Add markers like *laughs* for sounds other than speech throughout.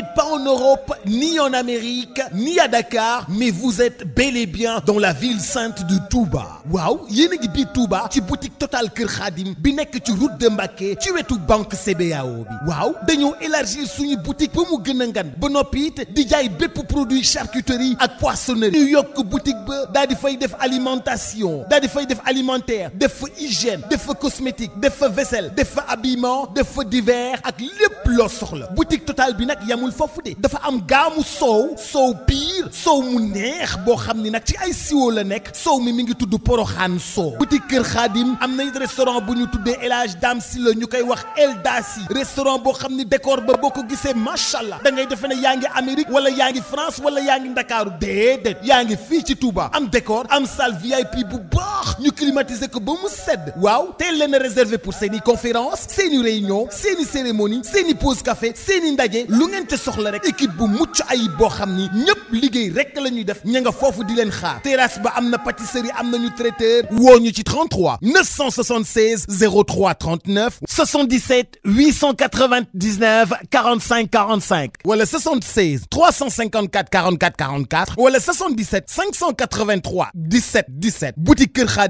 n'êtes pas en Europe, ni en Amérique, ni à Dakar, mais vous êtes bel et bien dans la ville sainte de Touba. waaw yéen a ngi biir Touba ci boutique Total Kër Khadim bi nekk ci route de Mbacké ci wetu banque CBAO bi waaw dañoo élargir suñu boutique ba mu gën a ngan ba noppi it di jaay bépp produit charcuterie ak poissonnerie ñu yokk boutique ba daal di fay def alimentation daal di fay def alimentaire def fa hygiène def fa cosmétique def fa vaisselle def fa habillement def fa divers ak lépp yemul foofu dafa am gaamu soow soow piir soow mu neex boo xam ni nag ci ay siwo la nekk soow mi mi ngi tudd poroxaan soow boutique Kër Xaadim am nañ restaurant bu ñu tuddee El Hadj Dame si la ñu koy wax El Dasi restaurant boo xam ni décor ba boo ko gisee macha allah da ngay defe ne yaa ngi Amérique wala yaa ngi France wala yaa ngi Ndakaaru déedéet yaa ngi fii ci tuubaa am décor am salle VIP bu baax ñu climatiser ko ba mu sedd waaw teel leen a réservé pour seen i conférence seen i réunion seen cérémonie seen i pause café seen i ndaje lu ngeen te soxla rek équipe bu mucc ayib boo xam ni ñëpp liggéey rek la ñuy def ña nga foofu di leen xaar terrasse ba am na pâtisserie am na ñu traiteur woo ñu ci 33 976 03 39 77 899 45 45 wala 76 354 44 44 wala 77 583 17 17 boutique Kër Xaar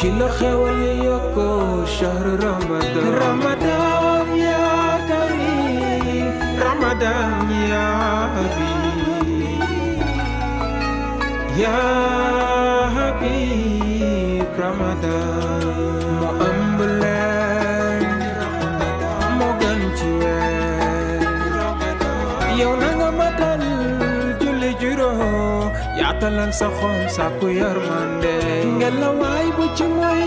ci la xewal yi yokkoo shahru ramadan ramadan ya karim ramadan ya habib ya habib ramadan yaatalal sa xol sàkku yërmande ngelaw waay ci mooy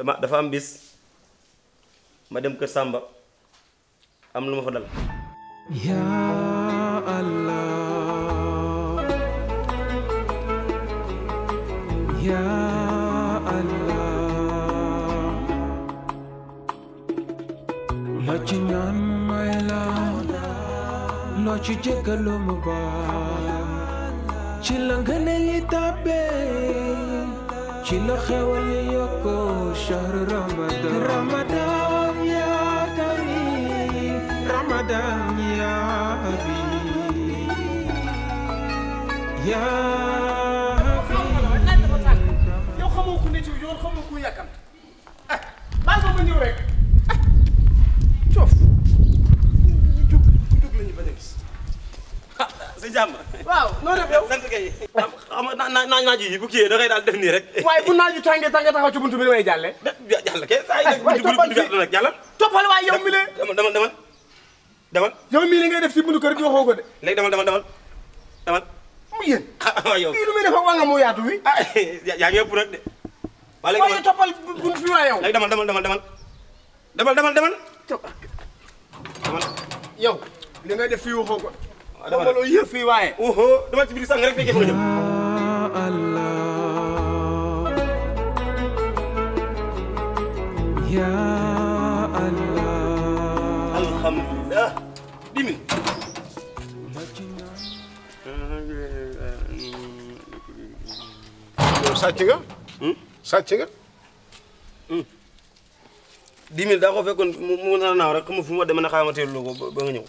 dama dafa am bis ma dem kër Sàmba am lu ma fa dal yaa Allah yaa Allah loo ci ñaan may la loo ci jéggalu mu baal ci la nga ne li ci la xewal yi yokkoo shahru ramadan ya karim ramadan ya habib ya yow xamoo ku ne ci yoon xamoo ku yàkkamte ah baal ma ñëw rek ah coof jug jug la ñu bañ a gis ah, sa jàmm waaw noo def yow sant kay naaj naaj yi bu kiyee da ngay daal def nii rek *laughs* waaye bu naaj yu tàngee tàngee taxaw ci buntu bi damay jàlle jàll kay saa yi buntu bi nag toppal waaye yow mi lee demal demal demal yow mii def ci buntu kër bi waxoo de léegi demal demal demal demal mu yéen *laughs* ah, yow kii lu muy def ak wàngam mu yaatu wi ah, *laughs* yaa ngi ëpp nag de waaye toppal buntu fi waa yow léegi demal demal demal demal demal demal demal yow li ngay def fii waxoo ko ah, demal loo yëf fii waaye dama ci biir sàng rek fekkee Allah ya Allah alhamdulillah dimi yow nga sàcc nga hmm? hmm. dix mille daa ko fekkoon mu na naaw rek xamu fu mu demee na xaamateelu loo ko ba nga ñëw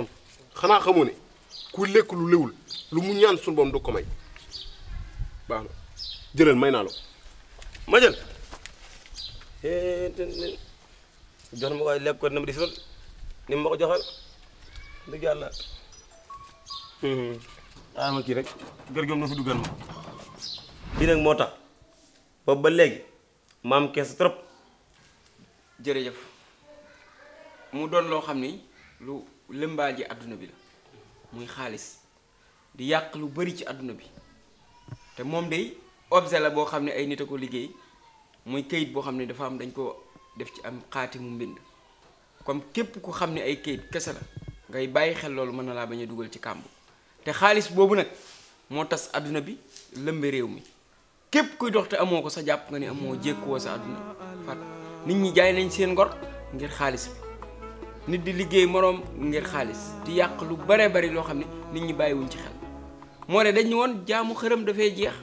am xanaa xamoo ne ku lekk lu léwul lu mu ñaan suñu boom du baax na jëlal may naa la ma jël eh, jox na ma koy lekk ko na ma di sol ni ma ko joxal dëgg yàlla ah kii rek gër gëm na fi duggal ma lii moo tax boobu ba léegi maam kees trop jërëjëf mu doon loo xam ni lu lëmbaaji àdduna bi la muy xaalis di yàq lu bari ci àdduna bi te moom day objet la boo xam ne ay nit a ko liggéey muy kayit boo xam ne dafa am dañ ko def ci am xaati mu mbind comme képp ku xam ne ay kayit kese la ngay bàyyi xel loolu mën na laa bañ a dugal ci kàmbu te xaalis boobu nag moo tas àdduna bi lëmbe réew mi képp kuy dox te amoo ko sa jàpp nga ni amoo woo sa àdduna fat nit ñi jaay nañ seen ngor ngir xaalis nit di liggéey moroom ngir xaalis di yàq lu bare bari loo xam ne nit ñi bàyyiwuñ ci xel moo ne dañu woon jaamu xërëm dafay jeex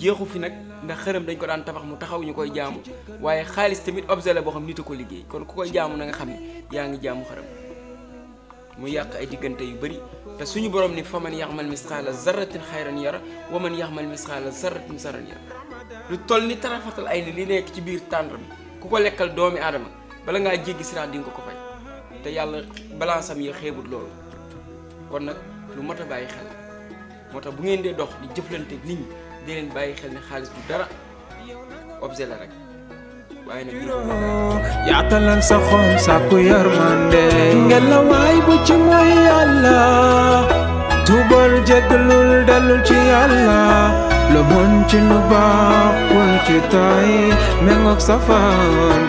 jeexu fi nag ndax xërëm dañ ko daan tabax mu taxaw ñu koy jaamu waaye xaalis tamit objet boo xam nit a ko liggéey kon ku koy jaamu na nga xam ne yaa ngi jaamu xërëm mu yàq ay diggante yu bëri te suñu borom ni faman yaxmal misqaala zarratin xayran yara wa man yaxmal misqaala zarratin sarran yara lu toll ni tarafatal ay ni li nekk ci biir tàndar ku ko lekkal doomi aadama bala ngaa jéggi siraat di ko ko te yàlla balansam yi xeebut loolu kon lu mat a bàyyi moo tax bu ngeen dee dox di jëflante nit ñi di leen bàyyi xel ni xaalis du dara objet la rek waaye nag yaatalal sa xol sàkku yërmande ngelawaay bu ci mooy yàlla tuubal jégalul dellu ci yàlla lu mun ci lu baaxul ci tay mengoog safaan